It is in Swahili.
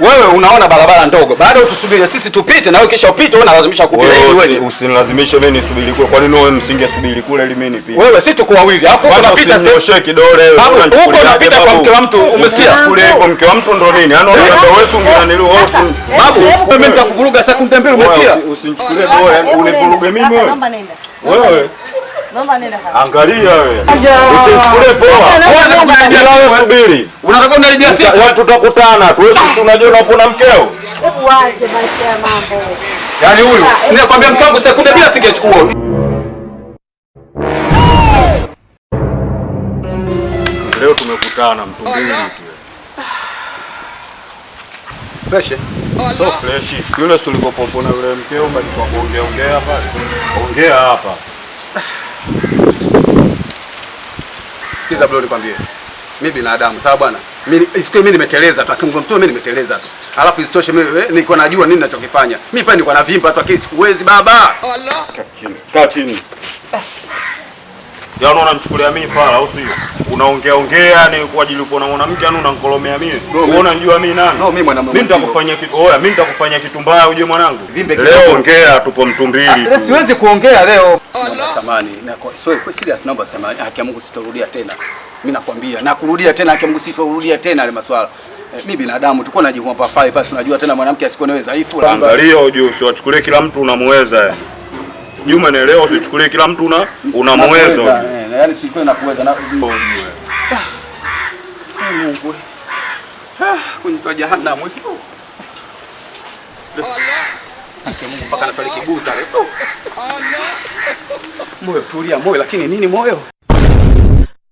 Wewe unaona barabara ndogo, baada utusubiri sisi tupite na wewe, kisha upite wewe, unalazimisha kupita ili wewe. Usinilazimishe mimi nisubiri kule. Kwa nini wewe msingesubiri kule ili mimi nipite? Wewe si tuko wawili, alafu unapita sisi. Usinyoshe kidole wewe. Huko unapita kwa mke wa mtu, umesikia? Kule kwa mke wa mtu ndo nini? Yaani unaambia wewe usingenanilu wewe. Babu, mimi nitakuvuruga sasa kumtembea, umesikia? Usinichukulie yaani dole, univuruge mimi wewe. Naomba nenda. Wewe. Naomba nenda. Angalia wewe. Usinichukulie poa. Unataka unaribia siku? Wewe tutakutana. Tuwezi si unajua unafuna mkeo. Hebu ache basi ya mambo. Yaani huyu, ninakwambia ah, mkangu sekunde bila singechukua. Leo tumekutana mtumbili tu. Fresh. Eh? So fresh. Yule sulikopopo na yule mkeo bali kwa kuongea ongea hapa. Ongea hapa. Sikiza bro nikwambie mi binadamu sawa bwana, isikuwe mi nimeteleza tu, akimgo mtu mi nimeteleza tu, alafu isitoshe mi niko najua nini nachokifanya mi pale, na vimba tu, akili sikuwezi baba. Kaa chini, kaa chini, eh. yaani unaona mchukulia mimi fara au sio? unaongea ongea ni kwa ajili uko na mwanamke anu unankolomea mimi. Wewe unajua mimi nani? No, mimi mwanamke. Mimi nitakufanyia kitu. Oya, mimi nitakufanyia kitu mbaya uje mwanangu. Leo ongea tupo mtu mbili. Ah, leo siwezi kuongea leo. Naomba samani. Na kwa sio kwa serious naomba samani. Haki ya Mungu sitarudia tena. Mimi nakwambia, na kurudia tena haki ya Mungu sitarudia tena ile maswala. mimi eh, binadamu tuko na najihumpa fai basi, unajua tena mwanamke asikuonewe dhaifu. Angalia ujue, usiwachukulie kila mtu unamweza. Sijui umeelewa, usichukulie kila mtu una unamuweza kuweza, yani siku inakuweza na Mungu. Ah, kunitoa jehanamu hiyo. Mungu mpaka nafariki buza leo. Moyo tulia moyo, lakini nini moyo?